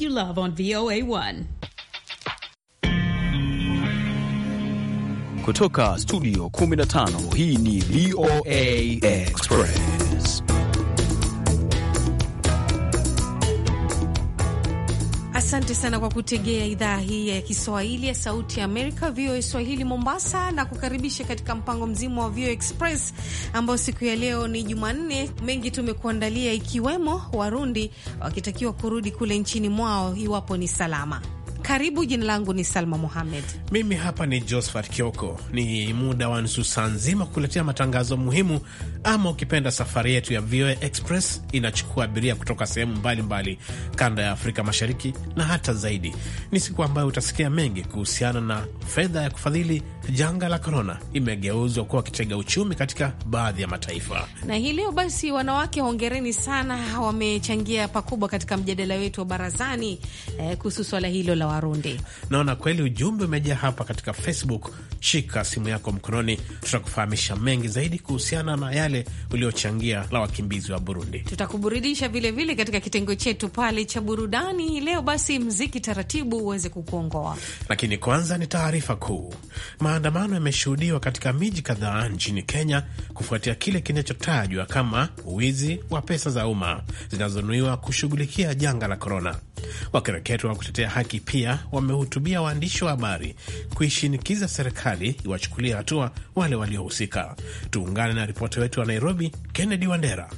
you love on VOA1. Kutoka studio 15 hii ni VOA Express. Asante sana kwa kutegea idhaa hii ya Kiswahili ya Sauti ya Amerika, VOA Swahili Mombasa, na kukaribisha katika mpango mzima wa VOA Express ambao siku ya leo ni Jumanne. Mengi tumekuandalia, ikiwemo Warundi wakitakiwa kurudi kule nchini mwao iwapo ni salama. Karibu, jina langu ni Salma muhamed Mimi hapa ni Josephat Kioko. Ni muda wa nusu saa nzima kukuletea matangazo muhimu, ama ukipenda safari yetu ya VOA Express inachukua abiria kutoka sehemu mbalimbali kanda ya Afrika Mashariki na hata zaidi. Ni siku ambayo utasikia mengi kuhusiana na fedha ya kufadhili janga la korona, imegeuzwa kuwa kitega uchumi katika baadhi ya mataifa. Na hii leo basi, wanawake, hongereni sana, wamechangia pakubwa katika mjadala wetu wa barazani eh, kuhusu swala hilo la Warundi. Naona kweli ujumbe umejaa hapa katika Facebook. Shika simu yako mkononi, tutakufahamisha mengi zaidi kuhusiana na yale uliochangia la wakimbizi wa Burundi. Tutakuburudisha vilevile katika kitengo chetu pale cha burudani leo. Basi mziki taratibu uweze kukuongoa, lakini kwanza ni taarifa kuu. Maandamano yameshuhudiwa katika miji kadhaa nchini Kenya kufuatia kile kinachotajwa kama uwizi wa pesa za umma zinazonuiwa kushughulikia janga la korona. Wakereketwa wa kutetea haki pia wamehutubia waandishi wa habari kuishinikiza serikali iwachukulia hatua wale waliohusika. Tuungane na ripoti wetu wa Nairobi, Kennedy Wandera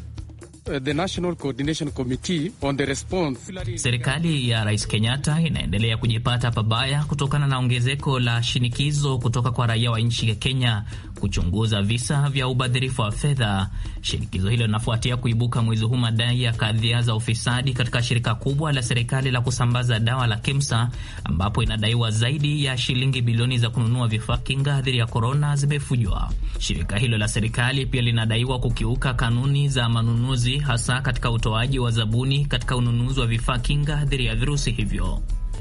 Uh, the National Coordination Committee on the Response. Serikali ya Rais Kenyatta inaendelea kujipata pabaya kutokana na ongezeko la shinikizo kutoka kwa raia wa nchi ya Kenya kuchunguza visa vya ubadhirifu wa fedha. Shinikizo hilo linafuatia kuibuka mwezi huu madai ya kadhia za ufisadi katika shirika kubwa la serikali la kusambaza dawa la KEMSA, ambapo inadaiwa zaidi ya shilingi bilioni za kununua vifaa kinga dhidi ya korona zimefujwa. Shirika hilo la serikali pia linadaiwa kukiuka kanuni za manunuzi hasa katika utoaji wa zabuni katika ununuzi wa vifaa kinga dhidi ya virusi hivyo.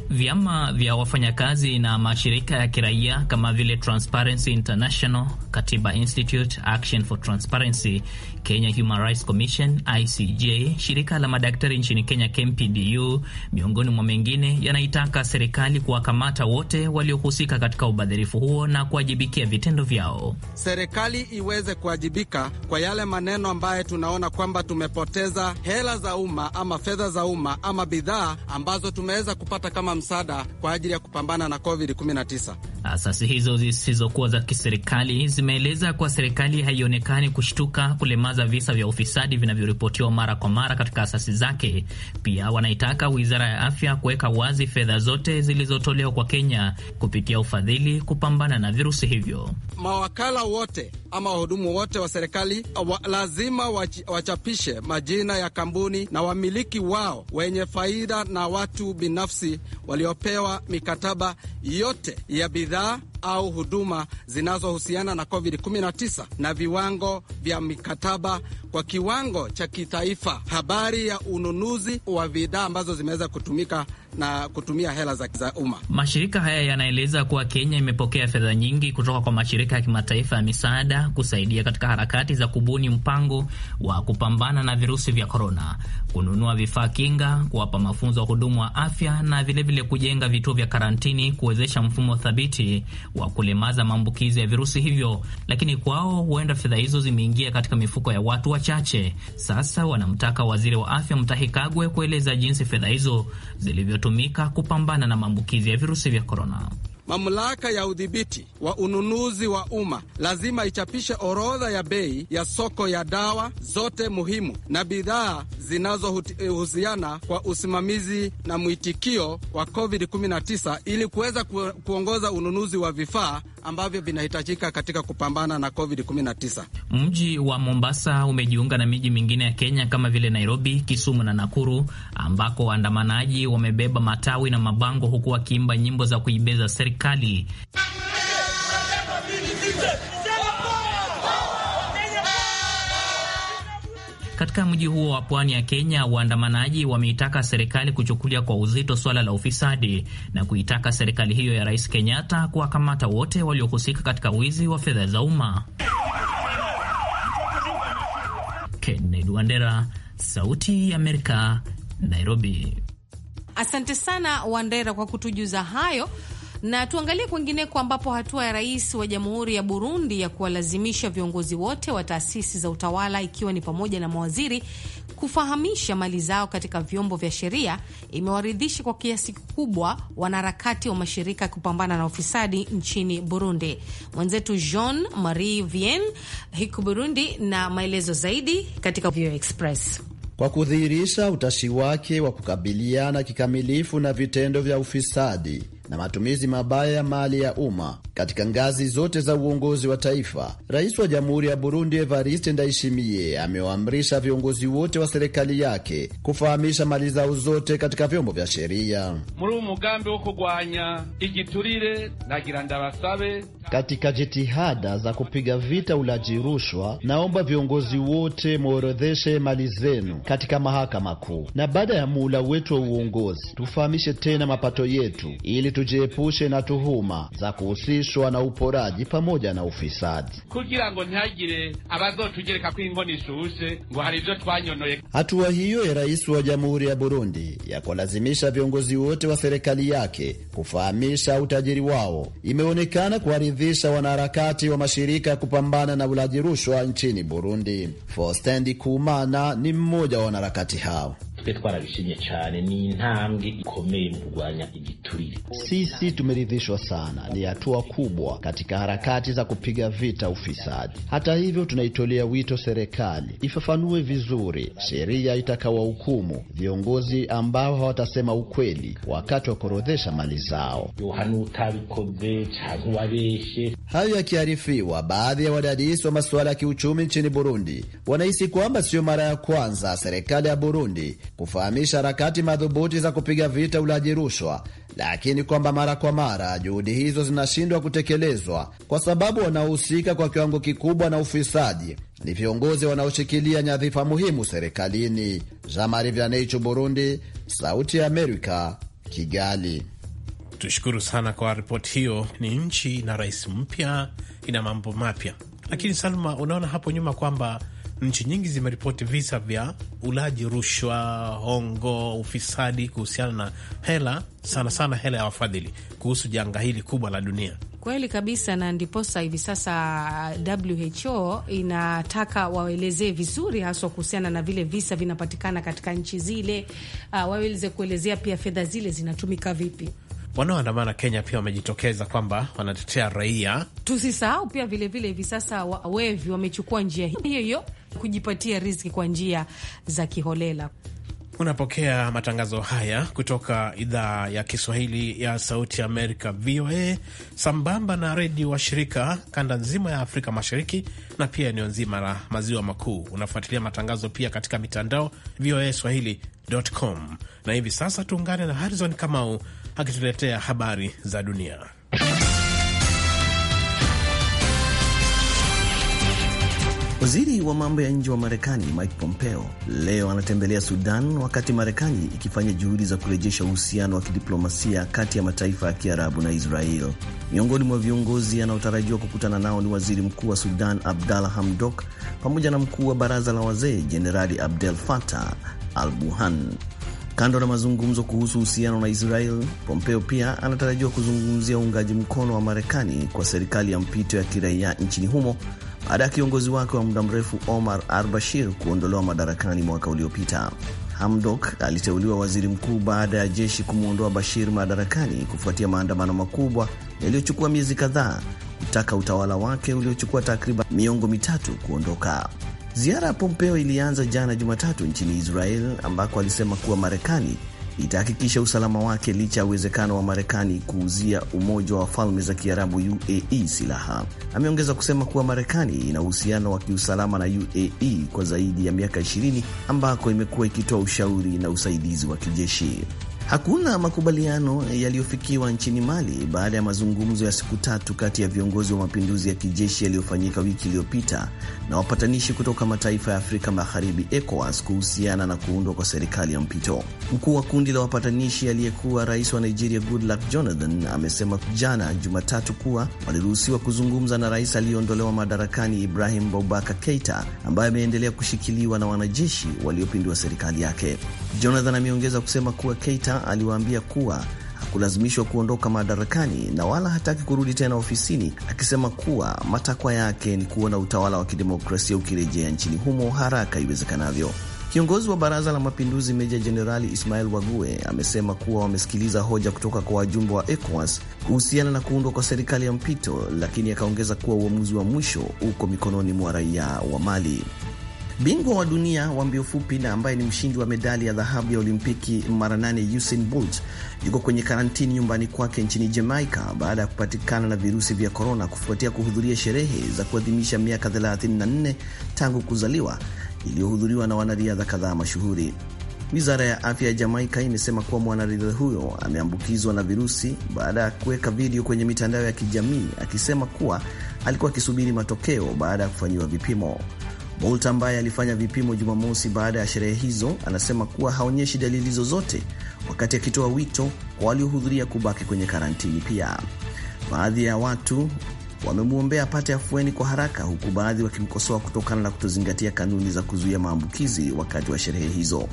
Vyama vya wafanyakazi na mashirika ya kiraia kama vile Transparency International, Katiba Institute, Action for Transparency, Kenya Human Rights Commission, ICJ, shirika la madaktari nchini Kenya KMPDU, miongoni mwa mengine, yanaitaka serikali kuwakamata wote waliohusika katika ubadhirifu huo na kuwajibikia vitendo vyao. Serikali iweze kuwajibika kwa yale maneno ambayo tunaona kwamba tumepoteza hela za umma ama fedha za umma ama bidhaa ambazo tumeweza kupata kama msaada kwa ajili ya kupambana na COVID-19. Asasi hizo zisizokuwa za kiserikali zimeeleza kuwa serikali haionekani kushtuka kulemaza visa vya ufisadi vinavyoripotiwa mara kwa mara katika asasi zake. Pia wanaitaka wizara ya afya kuweka wazi fedha zote zilizotolewa kwa Kenya kupitia ufadhili kupambana na virusi hivyo. Mawakala wote ama wahudumu wote wa serikali wa, lazima wach, wachapishe majina ya kampuni na wamiliki wao wenye faida na watu binafsi waliopewa mikataba yote ya bidhaa au huduma zinazohusiana na COVID-19 na viwango vya mikataba kwa kiwango cha kitaifa, habari ya ununuzi wa bidhaa ambazo zimeweza kutumika na kutumia hela za umma. Mashirika haya yanaeleza kuwa Kenya imepokea fedha nyingi kutoka kwa mashirika ya kimataifa ya misaada kusaidia katika harakati za kubuni mpango wa kupambana na virusi vya korona, kununua vifaa kinga, kuwapa mafunzo wa hudumu wa afya na vilevile vile kujenga vituo vya karantini, kuwezesha mfumo thabiti wa kulemaza maambukizi ya virusi hivyo, lakini kwao huenda fedha hizo zimeingia katika mifuko ya watu wachache. Sasa wanamtaka waziri wa afya Mutahi Kagwe kueleza jinsi fedha hizo zilivyotumika kupambana na maambukizi ya virusi vya korona mamlaka ya udhibiti wa ununuzi wa umma lazima ichapishe orodha ya bei ya soko ya dawa zote muhimu na bidhaa zinazohusiana kwa usimamizi na mwitikio wa COVID-19 ili kuweza kuongoza ununuzi wa vifaa ambavyo vinahitajika katika kupambana na COVID-19. Mji wa Mombasa umejiunga na miji mingine ya Kenya kama vile Nairobi, Kisumu na Nakuru, ambako waandamanaji wamebeba matawi na mabango huku wakiimba nyimbo za kuibeza serikali Katika mji huo wa pwani ya Kenya, waandamanaji wameitaka serikali kuchukulia kwa uzito swala la ufisadi na kuitaka serikali hiyo ya Rais Kenyatta kuwakamata wote waliohusika katika wizi wa fedha za umma. Kennedy Wandera, Sauti ya Amerika, Nairobi. Asante sana Wandera kwa kutujuza hayo. Na tuangalie kwingineko ambapo hatua ya rais wa Jamhuri ya Burundi ya kuwalazimisha viongozi wote wa taasisi za utawala ikiwa ni pamoja na mawaziri kufahamisha mali zao katika vyombo vya sheria imewaridhisha kwa kiasi kikubwa wanaharakati wa mashirika ya kupambana na ufisadi nchini Burundi. Mwenzetu Jean Marie Vien hiku Burundi na maelezo zaidi katika VOA Express. Kwa kudhihirisha utashi wake wa kukabiliana kikamilifu na vitendo vya ufisadi na matumizi mabaya ya mali ya umma katika ngazi zote za uongozi wa taifa, rais wa jamhuri ya Burundi Evariste Ndayishimiye amewaamrisha viongozi wote wa serikali yake kufahamisha mali zao zote katika vyombo vya sheria muri wo kugwanya igiturire nagira ndabasabe. Katika jitihada za kupiga vita ulaji rushwa, naomba viongozi wote mworodheshe mali zenu katika mahakama kuu, na baada ya muula wetu wa uongozi tufahamishe tena mapato yetu ili tujiepushe na tuhuma za kuhusishwa na uporaji pamoja na ufisadi kugira ngo ntihagire ngo hari ibyo twanyonoye. Hatua hiyo ya rais wa Jamhuri ya Burundi ya kuwalazimisha viongozi wote wa serikali yake kufahamisha utajiri wao imeonekana kuwaridhisha wanaharakati wa mashirika ya kupambana na ulaji rushwa nchini Burundi. Fostendi Kumana ni mmoja wa wanaharakati hao twe twarabishimye cyane ni intambwe ikomeye mu kurwanya igiturire. Sisi tumeridhishwa sana, ni hatua kubwa katika harakati za kupiga vita ufisadi. Hata hivyo, tunaitolea wito serikali ifafanue vizuri sheria itakawahukumu viongozi ambao hawatasema ukweli wakati wa kuorodhesha mali zao. Hayo yakiharifiwa baadhi ya wadadisi wa masuala ya kiuchumi nchini Burundi wanahisi kwamba siyo mara ya kwanza serikali ya Burundi kufahamisha harakati madhubuti za kupiga vita ulaji rushwa, lakini kwamba mara kwa mara juhudi hizo zinashindwa kutekelezwa kwa sababu wanaohusika kwa kiwango kikubwa na ufisadi ni viongozi wanaoshikilia nyadhifa muhimu serikalini. Jamari Vyanechu, Burundi, Sauti ya Amerika, Kigali. Tushukuru sana kwa ripoti hiyo. Ni nchi na rais mpya, ina mambo mapya, lakini Salma, unaona hapo nyuma kwamba nchi nyingi zimeripoti visa vya ulaji rushwa, hongo, ufisadi kuhusiana na hela, sana sana hela ya wafadhili, kuhusu janga hili kubwa la dunia. Kweli kabisa, na ndiposa hivi sasa WHO inataka waelezee vizuri, haswa kuhusiana na vile visa vinapatikana katika nchi zile. Uh, ah, waweze kuelezea pia fedha zile zinatumika vipi wanaoandamana Kenya pia wamejitokeza kwamba wanatetea raia. Tusisahau pia vilevile hivi sasa wevi wamechukua njia hiyo hiyo kujipatia riziki kwa njia za kiholela. Unapokea matangazo haya kutoka idhaa ya Kiswahili ya Sauti Amerika, VOA, sambamba na redio wa shirika kanda nzima ya Afrika Mashariki na pia eneo nzima la Maziwa Makuu. Unafuatilia matangazo pia katika mitandao VOA Swahili.com, na hivi sasa tuungane na Harrison Kamau akituletea habari za dunia. Waziri wa mambo ya nje wa Marekani Mike Pompeo leo anatembelea Sudan wakati Marekani ikifanya juhudi za kurejesha uhusiano wa kidiplomasia kati ya mataifa ya Kiarabu na Israel. Miongoni mwa viongozi anaotarajiwa kukutana nao ni waziri mkuu wa Sudan Abdalla Hamdok pamoja na mkuu wa baraza la wazee Jenerali Abdel Fattah al buhan Kando na mazungumzo kuhusu uhusiano na Israel, Pompeo pia anatarajiwa kuzungumzia uungaji mkono wa Marekani kwa serikali ya mpito ya kiraia nchini humo baada ya kiongozi wake wa muda mrefu Omar al-Bashir kuondolewa madarakani mwaka uliopita. Hamdok aliteuliwa waziri mkuu baada ya jeshi kumwondoa Bashir madarakani kufuatia maandamano makubwa yaliyochukua miezi kadhaa kutaka utawala wake uliochukua takriban miongo mitatu kuondoka. Ziara ya Pompeo ilianza jana Jumatatu nchini Israel ambako alisema kuwa Marekani itahakikisha usalama wake licha ya uwezekano wa Marekani kuuzia Umoja wa Falme za Kiarabu UAE silaha. Ameongeza kusema kuwa Marekani ina uhusiano wa kiusalama na UAE kwa zaidi ya miaka 20 ambako imekuwa ikitoa ushauri na usaidizi wa kijeshi. Hakuna makubaliano yaliyofikiwa nchini Mali baada ya mazungumzo ya siku tatu kati ya viongozi wa mapinduzi ya kijeshi yaliyofanyika wiki iliyopita na wapatanishi kutoka mataifa ya Afrika Magharibi, ECOWAS, kuhusiana na kuundwa kwa serikali ya mpito. Mkuu wa kundi la wapatanishi aliyekuwa rais wa Nigeria Goodluck Jonathan amesema jana Jumatatu kuwa waliruhusiwa kuzungumza na rais aliyeondolewa madarakani Ibrahim Boubacar Keita ambaye ameendelea kushikiliwa na wanajeshi waliopindua serikali yake. Jonathan ameongeza kusema kuwa Keita aliwaambia kuwa hakulazimishwa kuondoka madarakani na wala hataki kurudi tena ofisini, akisema kuwa matakwa yake ni kuona utawala wa kidemokrasia ukirejea nchini humo haraka iwezekanavyo. Kiongozi wa Baraza la Mapinduzi Meja Jenerali ismael Wague amesema kuwa wamesikiliza hoja kutoka kwa wajumbe wa ECOWAS kuhusiana na kuundwa kwa serikali ya mpito, lakini akaongeza kuwa uamuzi wa mwisho uko mikononi mwa raia wa Mali. Bingwa wa dunia wa mbio fupi na ambaye ni mshindi wa medali ya dhahabu ya Olimpiki mara nane Usain Bolt yuko kwenye karantini nyumbani kwake nchini Jamaica baada ya kupatikana na virusi vya korona kufuatia kuhudhuria sherehe za kuadhimisha miaka 34 tangu kuzaliwa iliyohudhuriwa na wanariadha kadhaa mashuhuri. Wizara ya afya ya Jamaika imesema kuwa mwanariadha huyo ameambukizwa na virusi baada ya kuweka video kwenye mitandao ya kijamii akisema kuwa alikuwa akisubiri matokeo baada ya kufanyiwa vipimo. Bolt ambaye alifanya vipimo Jumamosi baada ya sherehe hizo anasema kuwa haonyeshi dalili zozote, wakati akitoa wito kwa waliohudhuria kubaki kwenye karantini. Pia baadhi ya watu wamemwombea apate afueni kwa haraka, huku baadhi wakimkosoa kutokana na kutozingatia kanuni za kuzuia maambukizi wakati wa sherehe hizo.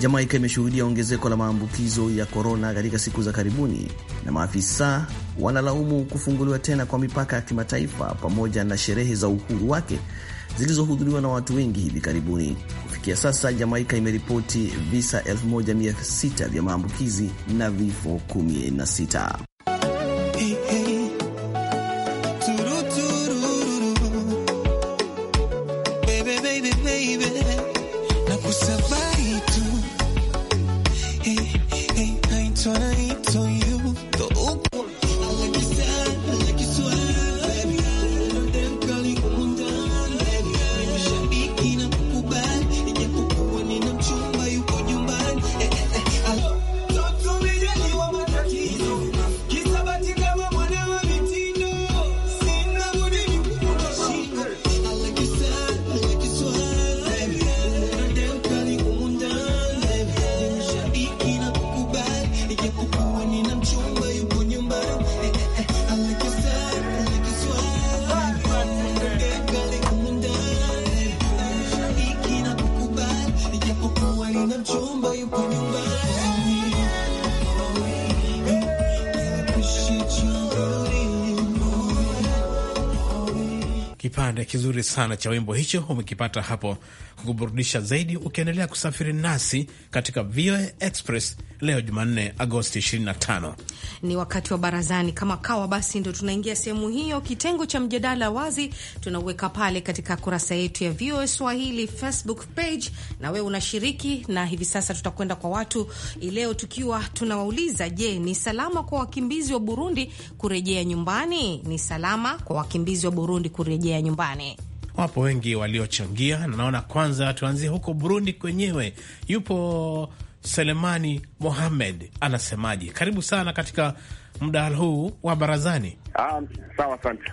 Jamaika imeshuhudia ongezeko la maambukizo ya korona katika siku za karibuni, na maafisa wanalaumu kufunguliwa tena kwa mipaka ya kimataifa pamoja na sherehe za uhuru wake zilizohudhuriwa na watu wengi hivi karibuni. Kufikia sasa, Jamaika imeripoti visa 1600 vya maambukizi na vifo 16. kizuri sana cha wimbo hicho umekipata hapo, kukuburudisha zaidi, ukiendelea kusafiri nasi katika VOA Express leo Jumanne Agosti 25. Ni wakati wa barazani kama kawa, basi ndo tunaingia sehemu hiyo, kitengo cha mjadala wazi tunauweka pale katika kurasa yetu ya VOA Swahili Facebook page, na wewe unashiriki. Na hivi sasa tutakwenda kwa watu ileo, tukiwa tunawauliza, je, ni salama kwa wakimbizi wa Burundi kurejea nyumbani? Ni salama kwa wakimbizi wa Burundi kurejea nyumbani? Wapo wengi waliochangia, na naona kwanza tuanzie huko Burundi kwenyewe. Yupo Selemani Mohamed anasemaje? Karibu sana katika mdahalo huu wa barazani. Ah, sawa, asante.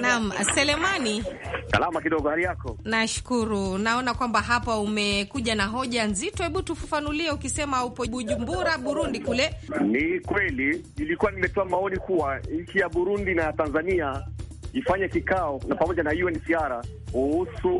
Naam, Selemani, salama kidogo, hali yako? Nashukuru. Naona kwamba hapa umekuja na hoja nzito, hebu tufafanulie. Ukisema upo Bujumbura, Burundi kule, ni kweli ilikuwa nimetoa maoni kuwa nchi ya Burundi na Tanzania ifanye kikao na pamoja na UNHCR kuhusu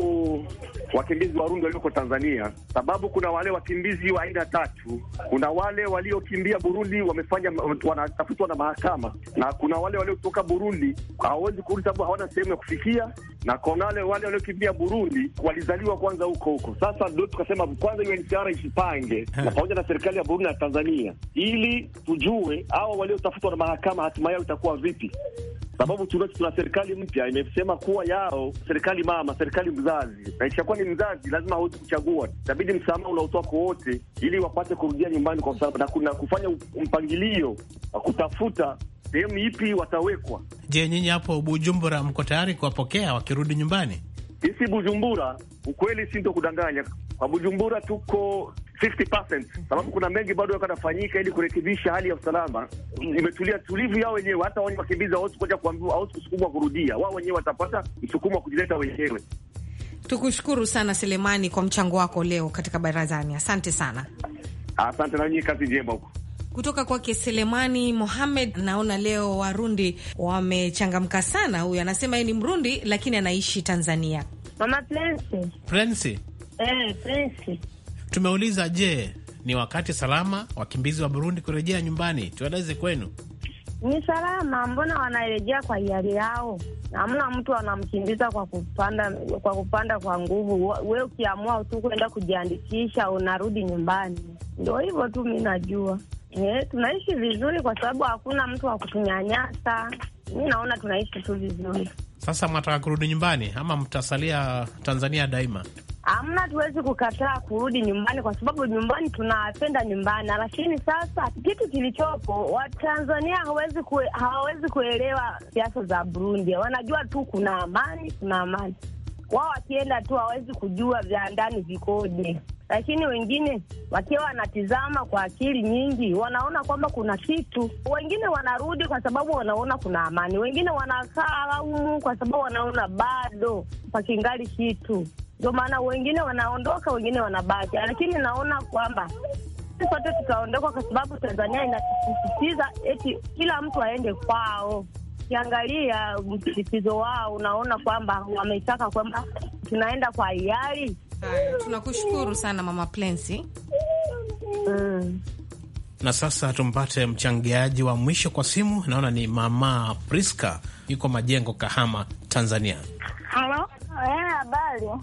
wakimbizi Warundi walioko Tanzania, sababu kuna wale wakimbizi wa aina tatu. Kuna wale waliokimbia Burundi wamefanya wanatafutwa na mahakama, na kuna wale waliotoka Burundi hawawezi kurudi sababu hawana sehemu ya kufikia, na kuna wale wale waliokimbia Burundi walizaliwa kwanza huko huko. Sasa ndio tukasema kwanza UNHCR isipange na pamoja na serikali ya Burundi na Tanzania, ili tujue hao waliotafutwa na mahakama hatima yao itakuwa vipi sababu tuna serikali mpya imesema kuwa yao serikali mama, serikali mzazi, na ikishakuwa ni mzazi lazima hawezi kuchagua, itabidi msamaha unaotoa kwa wote ili wapate kurudia nyumbani kwa usalama, na kuna kufanya mpangilio wa kutafuta sehemu ipi watawekwa. Je, nyinyi hapo Bujumbura mko tayari kuwapokea wakirudi nyumbani? Sisi Bujumbura, ukweli si ndo kudanganya, kwa Bujumbura tuko 50% sababu kuna mengi bado yako yanafanyika ili kurekebisha hali ya usalama. Imetulia tulivu yao wenyewe, hata wao wakimbizi hawawezi kuja kuambiwa, au kusukumwa kurudia, wao wenyewe watapata msukumo wa kujileta wenyewe. Tukushukuru sana Selemani kwa mchango wako leo katika barazani, asante sana. Asante na nyinyi, kazi njema huko kutoka kwake Selemani Mohamed. Naona leo Warundi wamechangamka sana. Huyu anasema yeye ni Mrundi lakini anaishi Tanzania. Mama Prince. Prince. Eh, Prince. Tumeuliza, je, ni wakati salama wakimbizi wa Burundi kurejea nyumbani? Tueleze kwenu. Ni salama, mbona wanarejea kwa hiari yao. Hamna mtu anamkimbiza kwa kupanda kwa kupanda kwa nguvu. We ukiamua tu kwenda kujiandikisha unarudi nyumbani, ndo hivyo tu. Mi najua e, tunaishi vizuri kwa sababu hakuna mtu wa kutunyanyasa. Mi naona tunaishi tu vizuri. Sasa mnataka kurudi nyumbani ama mtasalia Tanzania daima? Hamna, tuwezi kukataa kurudi nyumbani kwa sababu nyumbani tunapenda nyumbani, lakini sasa kitu kilichopo Watanzania hawawezi kue, hawawezi kuelewa siasa za Burundi. Wanajua tu kuna amani, kuna amani. Wao wakienda tu hawawezi kujua vya ndani vikoje, lakini wengine wakiwa wanatizama kwa akili nyingi, wanaona kwamba kuna kitu. Wengine wanarudi kwa sababu wanaona kuna amani, wengine wanakaa laumu kwa sababu wanaona bado pakingali kitu ndio maana wengine wanaondoka, wengine wanabaki, lakini naona kwamba sote tutaondoka kwa sababu Tanzania inatusisitiza eti kila mtu aende kwao. Ukiangalia msisitizo wao, unaona kwamba wametaka kwamba tunaenda kwa hiari. tunakushukuru sana Mama Plensi. Mm. Na sasa tumpate mchangiaji wa mwisho kwa simu, naona ni Mama Priska, yuko Majengo, Kahama, Tanzania. Halo.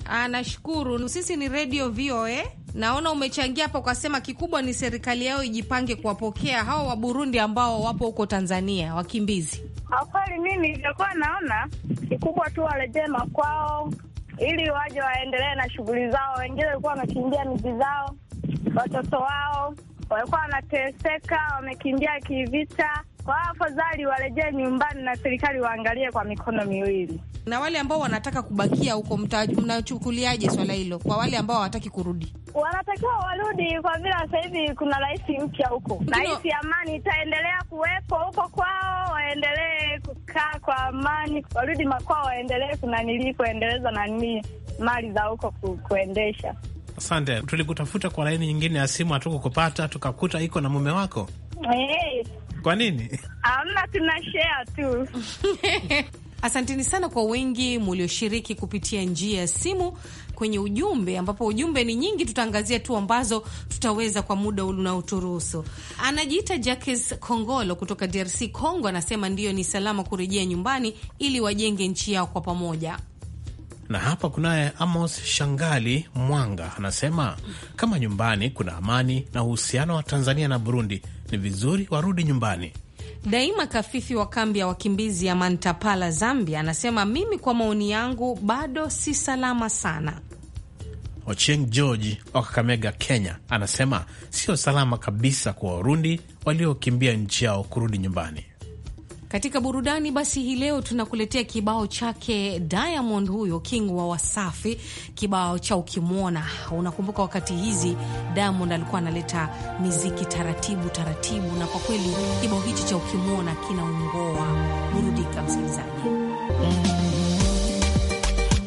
Ah, nashukuru. Sisi ni Radio VOA. Naona umechangia hapa ukasema kikubwa ni serikali yao ijipange kuwapokea hao wa Burundi ambao wapo huko Tanzania wakimbizi. Kwa kweli mimi nilikuwa naona kikubwa tu warejee makwao ili waje waendelee na shughuli zao. Wengine walikuwa wamekimbia miji zao, watoto wao walikuwa wanateseka, wamekimbia kivita kwa afadhali warejee nyumbani na serikali waangalie kwa mikono miwili. Na wale ambao wanataka kubakia huko, mnachukuliaje swala hilo? Kwa wale ambao hawataki kurudi, wanatakiwa warudi, kwa vile sasa hivi kuna rais mpya huko, rais amani itaendelea kuwepo huko kwao, waendelee kukaa kwa amani, warudi makwao, waendelee kunanilii kuendeleza nanii mali za huko ku, kuendesha. Asante, tulikutafuta kwa laini nyingine ya simu hatukukupata, tukakuta iko na mume wako. Hey. Kwa nini? Amna, tuna share tu. Asanteni sana kwa wengi mulioshiriki kupitia njia ya simu kwenye ujumbe, ambapo ujumbe ni nyingi. Tutaangazia tu ambazo tutaweza kwa muda unaoturuhusu. Anajiita Jackes Kongolo kutoka DRC Congo, anasema ndiyo, ni salama kurejea nyumbani ili wajenge nchi yao kwa pamoja. Na hapa kunaye Amos Shangali Mwanga anasema kama nyumbani kuna amani na uhusiano wa Tanzania na Burundi ni vizuri warudi nyumbani. Daima Kafifi wa kambi ya wakimbizi ya Mantapala, Zambia, anasema mimi kwa maoni yangu bado si salama sana. ocheng George wa Kakamega, Kenya, anasema sio salama kabisa kwa Warundi waliokimbia nchi yao kurudi nyumbani. Katika burudani basi, hii leo tunakuletea kibao chake Diamond, huyo king wa Wasafi, kibao cha ukimwona. Unakumbuka wakati hizi Diamond alikuwa analeta miziki taratibu taratibu, na kwa kweli kibao hichi cha ukimwona kinaongoa Burudika msikilizaji.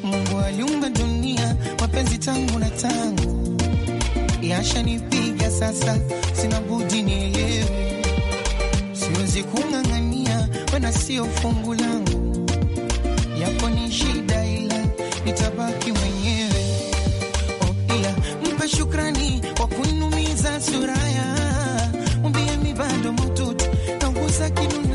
Mungu aliunga dunia, mapenzi tangu na tangu yashanipiga sasa, sina budi nielewe, siwezi kunga na sio fungu langu, yako ni shida, ila nitabaki mwenyewe. Oh, ila mpe shukrani wa kuinumiza suraya, umbie mi bado mututu nauguza kinu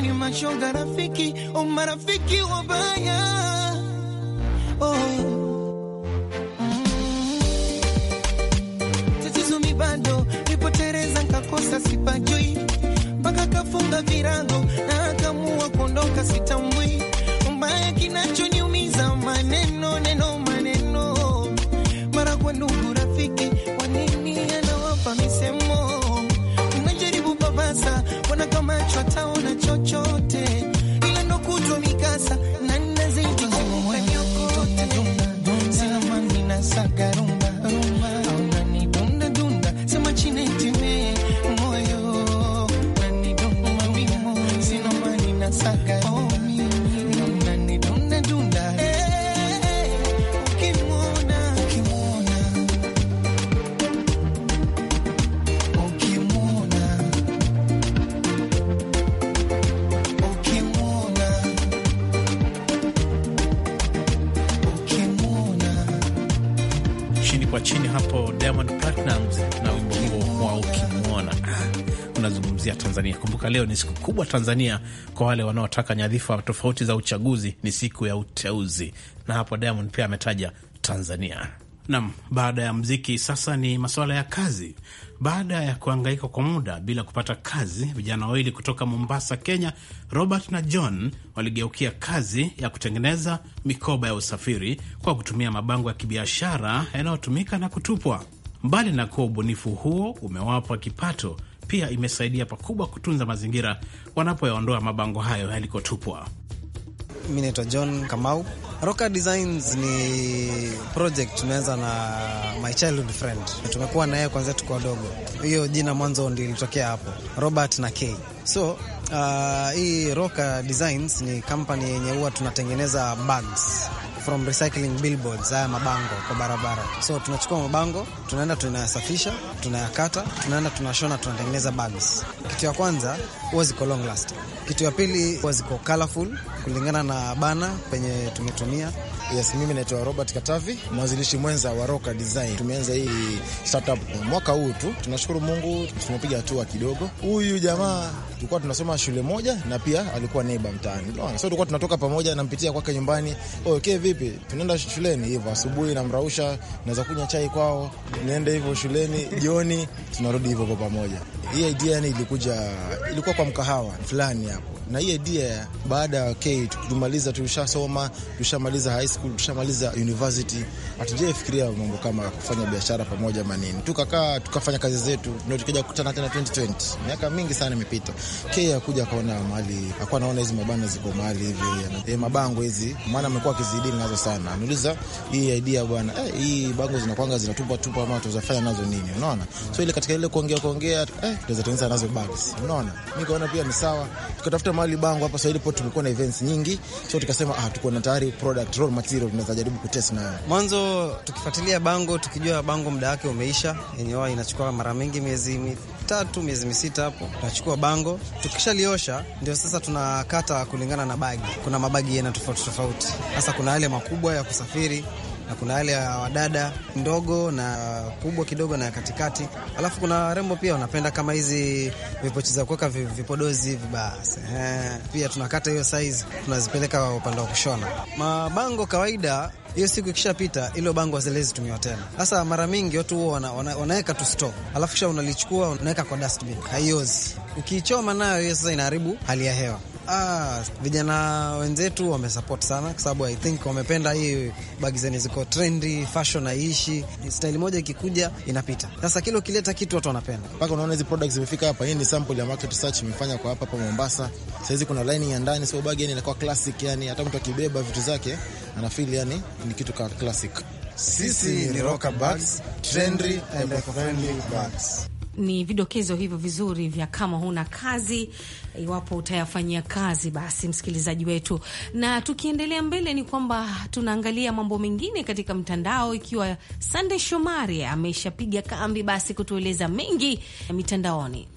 ni machonga rafiki o marafiki wabaya Afrika. Leo ni siku kubwa Tanzania kwa wale wanaotaka nyadhifa tofauti za uchaguzi, ni siku ya uteuzi, na hapo Diamond pia ametaja Tanzania. Nam, baada ya mziki sasa ni masuala ya kazi. Baada ya kuangaika kwa muda bila kupata kazi, vijana wawili kutoka Mombasa, Kenya, Robert na John waligeukia kazi ya kutengeneza mikoba ya usafiri kwa kutumia mabango ya kibiashara yanayotumika na kutupwa. Mbali na kuwa ubunifu huo umewapa kipato, pia imesaidia pakubwa kutunza mazingira wanapoyaondoa mabango hayo yalikotupwa. Mi naitwa John Kamau. Roka Designs ni project tumeanza na my childhood friend, tumekuwa na yeye kwanzia tuko wadogo. Hiyo jina mwanzo ndio ilitokea hapo, Robert na K. So uh, hii Roka Designs ni kampani yenye huwa tunatengeneza bags from recycling billboards, haya mabango kwa barabara. So tunachukua mabango, tunaenda tunayasafisha, tunayakata, tunaenda tunashona, tunatengeneza bags. Kitu ya kwanza huwa ziko long kitu ya pili huwa ziko colorful kulingana na bana penye tumetumia. Yes, mimi naitwa Robert Katavi, mwanzilishi mwenza wa Roka Design. Tumeanza hii startup mwaka huu tu, tunashukuru Mungu tumepiga hatua kidogo. Huyu jamaa tulikuwa tunasoma shule moja na pia alikuwa neighbor mtaani, so tulikuwa tunatoka pamoja, nampitia kwake nyumbani, oh, okay, vipi, tunaenda shuleni hivyo asubuhi, namrausha, naweza kunywa chai kwao, niende hivyo shuleni, jioni tunarudi hivyo kwa pamoja. Hii idea yani ilikuja, ilikuwa kwa mkahawa fulani hapo na hii idea baada ya okay, tukimaliza tulishasoma, tushamaliza high school, tushamaliza university, fikiria mambo kama kufanya biashara pamoja manini, tukakaa tukafanya kazi zetu, ndio tukija kukutana tena 2020 miaka mingi sana imepita. K akuja akaona mahali akuwa naona hizi mabana ziko mahali hivi, eh, mabango hizi, maana amekuwa akizidi nazo sana. Niuliza hii idea bwana, eh, hii bango zinakwanga zinatupa tupa, ama tuzafanya nazo nini? Unaona, so ile katika ile kuongea kuongea, eh, tuweza tengeneza nazo bags. Unaona, mimi kaona pia ni sawa, tukatafuta Shamali Bango hapa Swahili Pot tumekuwa na events nyingi, so tukasema ah, tuko na tayari product raw material tunaweza jaribu kutest nayo. Mwanzo tukifuatilia Bango, tukijua Bango muda wake umeisha, wao inachukua mara mingi miezi mitatu miezi misita hapo, tunachukua Bango tukishaliosha, ndio sasa tunakata kulingana na bagi. Kuna mabagi yana tofauti tofauti, hasa kuna yale makubwa ya kusafiri na kuna wale ya wadada ndogo na kubwa kidogo na katikati, alafu kuna warembo pia wanapenda kama hizi vipochi za kuweka vipodozi hivi, basi pia tunakata hiyo saizi, tunazipeleka upande wa kushona mabango kawaida hiyo siku ikishapita, ilo bango haziwezi tumiwa tena. Sasa mara mingi watu huwa wana, wana, wanaweka tu stop, alafu kisha unalichukua unaweka kwa dustbin, haiozi. Ukiichoma nayo hiyo sasa inaharibu hali ya hewa. Ah, vijana wenzetu wamesupport sana kwa sababu I think wamependa hii bagi zenye ziko trendy, fashion haiishi. Style moja ikikuja inapita. Sasa kile ukileta kitu watu wanapenda. Mpaka unaona hizi products zimefika hapa. Hii ni sample ya market research imefanya kwa hapa hapa Mombasa. Sasa hizi kuna line ya ndani, sio bagi yani inakuwa classic yani hata mtu akibeba vitu zake ana feel yani ni kitu ka classic. Sisi ni Rocker Bags, trendy and friendly bags. Ni vidokezo hivyo vizuri vya kama huna kazi iwapo utayafanyia kazi, basi msikilizaji wetu. Na tukiendelea mbele, ni kwamba tunaangalia mambo mengine katika mtandao, ikiwa Sande Shomari ameshapiga kambi, basi kutueleza mengi mitandaoni.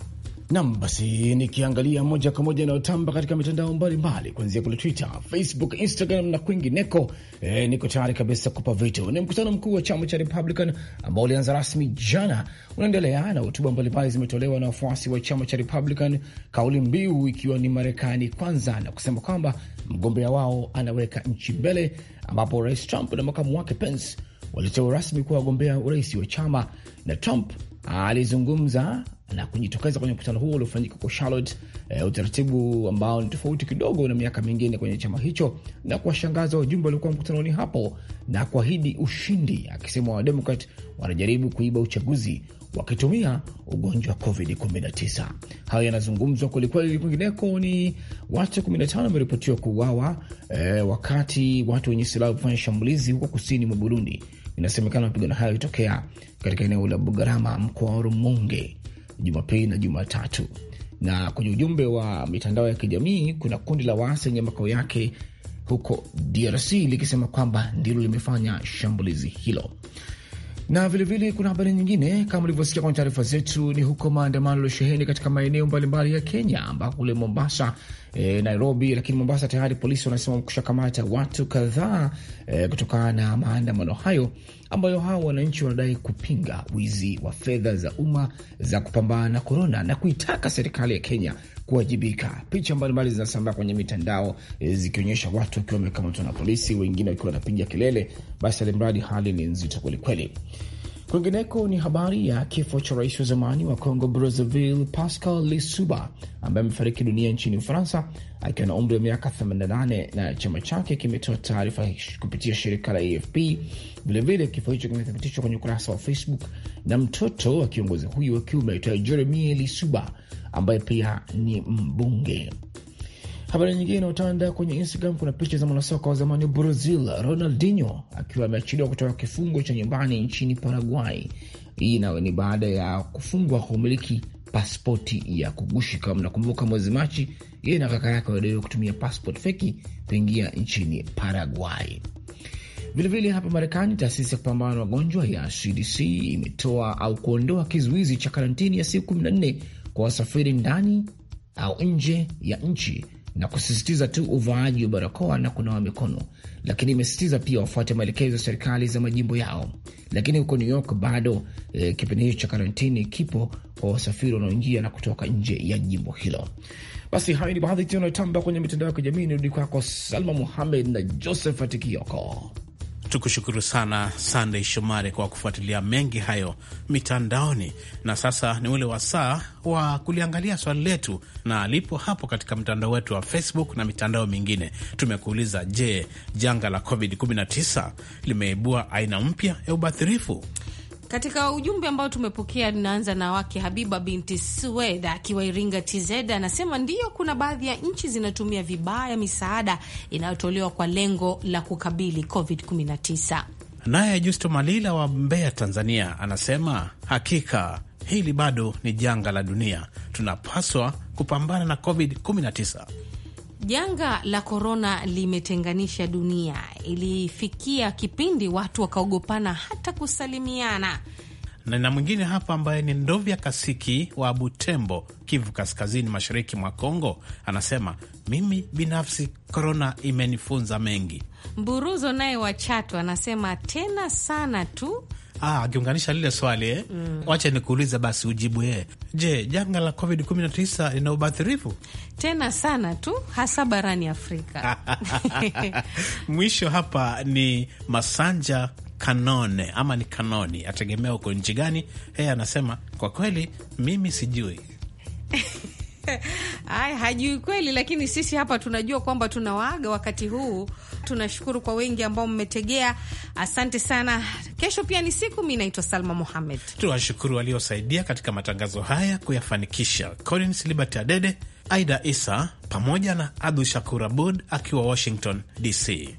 Nam, basi nikiangalia moja kwa moja inayotamba katika mitandao mbalimbali, kuanzia kule Twitter, Facebook, Instagram na kwingineko. E, niko tayari kabisa kupa vitu. Ni mkutano mkuu wa chama cha Republican ambao ulianza rasmi jana, unaendelea na hotuba mbalimbali zimetolewa na wafuasi wa chama cha Republican, kauli mbiu ikiwa ni Marekani kwanza, na kusema kwamba mgombea wao anaweka nchi mbele, ambapo Rais Trump na makamu wake Pence waliteua rasmi kuwa wagombea urais wa chama, na Trump alizungumza na kujitokeza kwenye mkutano huo uliofanyika kwa Charlotte, e, utaratibu ambao ni tofauti kidogo na miaka mingine kwenye chama hicho, na kuwashangaza wajumbe waliokuwa mkutanoni hapo na kuahidi ushindi, akisema Wademokrat wanajaribu kuiba uchaguzi wakitumia ugonjwa wa COVID-19. Hayo yanazungumzwa kwelikweli. Kwingineko ni watu 15 wameripotiwa kuuawa e, wakati watu wenye silaha kufanya shambulizi huko kusini mwa Burundi. Inasemekana mapigano hayo yalitokea katika eneo la Bugarama, mkoa wa Rumonge. Jumapili na Jumatatu. Na kwenye ujumbe wa mitandao ya kijamii kuna kundi la waasi lenye makao yake huko DRC likisema kwamba ndilo limefanya shambulizi hilo. Na vilevile vile kuna habari nyingine kama ulivyosikia kwenye taarifa zetu, ni huko maandamano yaliyosheheni katika maeneo mbalimbali ya Kenya, ambako kule Mombasa e, Nairobi, lakini Mombasa tayari polisi wanasema kushakamata watu kadhaa e, kutokana na maandamano hayo ambayo hawa wananchi wanadai kupinga wizi wa fedha za umma za kupambana na korona na kuitaka serikali ya Kenya kuwajibika. Picha mbalimbali zinasambaa kwenye mitandao e, zikionyesha watu wakiwa wamekamatwa na polisi, wengine wakiwa wanapiga kelele. Basi alimradi hali ni nzito kwelikweli. Kwingineko ni habari ya kifo cha rais wa zamani wa Congo Brazzaville, Pascal Lissouba, ambaye amefariki dunia nchini Ufaransa akiwa na umri wa miaka 88, na chama chake kimetoa taarifa kupitia shirika la AFP. Vilevile, kifo hicho kimethibitishwa kwenye ukurasa wa Facebook na mtoto wa kiongozi huyu wa kiume aitwaye Jeremie Lisuba ambaye pia ni mbunge. Habari nyingine inayotanda kwenye Instagram, kuna picha za mwanasoka wa zamani wa Brazil Ronaldinho akiwa ameachiliwa kutoka kifungo cha nyumbani nchini Paraguay. Hii nawe ni baada ya kufungwa kwa umiliki paspoti ya kugushi. Kama mnakumbuka, mwezi Machi yeye na kaka yake wadaiwa kutumia paspoti feki kuingia nchini Paraguay. Vilevile hapa Marekani, taasisi ya kupambana na magonjwa ya CDC imetoa au kuondoa kizuizi cha karantini ya siku kumi na nne kwa wasafiri ndani au nje ya nchi na kusisitiza tu uvaaji wa barakoa na kunawa mikono, lakini imesisitiza pia wafuate maelekezo ya serikali za majimbo yao. Lakini huko New York bado eh, kipindi hicho cha karantini kipo kwa wasafiri wanaoingia na kutoka nje ya jimbo hilo. Basi hayo ni baadhi tu yanayotamba kwenye mitandao ya kijamii. Nirudi kwako Salma Muhamed na Josephat Kioko. Tukushukuru sana Sandey Shomari kwa kufuatilia mengi hayo mitandaoni. Na sasa ni ule wasaa wa kuliangalia swali letu, na lipo hapo katika mtandao wetu wa Facebook na mitandao mingine. Tumekuuliza, je, janga la COVID-19 limeibua aina mpya ya ubadhirifu? Katika ujumbe ambao tumepokea, ninaanza na wake Habiba binti Sweda akiwa Iringa TZ, anasema ndiyo, kuna baadhi ya nchi zinatumia vibaya misaada inayotolewa kwa lengo la kukabili COVID-19. Naye Justo Malila wa Mbeya, Tanzania, anasema hakika hili bado ni janga la dunia, tunapaswa kupambana na COVID-19. Janga la korona limetenganisha dunia, ilifikia kipindi watu wakaogopana hata kusalimiana. Na mwingine hapa ambaye ni Ndovya Kasiki wa Butembo, Kivu Kaskazini, mashariki mwa Kongo, anasema mimi binafsi korona imenifunza mengi. Mburuzo naye wa Chato anasema tena sana tu Ah, akiunganisha lile swali eh? Mm. Wacha nikuuliza basi ujibu yeye. Eh? Je, janga la Covid 19 lina ubadhirifu tena sana tu hasa barani Afrika? Mwisho hapa ni Masanja Kanone ama ni Kanoni, ategemea uko nchi gani. Yeye anasema kwa kweli mimi sijui. Ay, hajui kweli, lakini sisi hapa tunajua kwamba tunawaaga wakati huu tunashukuru kwa wengi ambao mmetegea, asante sana. Kesho pia ni siku. Mi naitwa Salma Mohamed. Tunawashukuru waliosaidia katika matangazo haya kuyafanikisha, Collins Liberty Adede, Aida Isa pamoja na Abdu Shakur Abud akiwa Washington DC.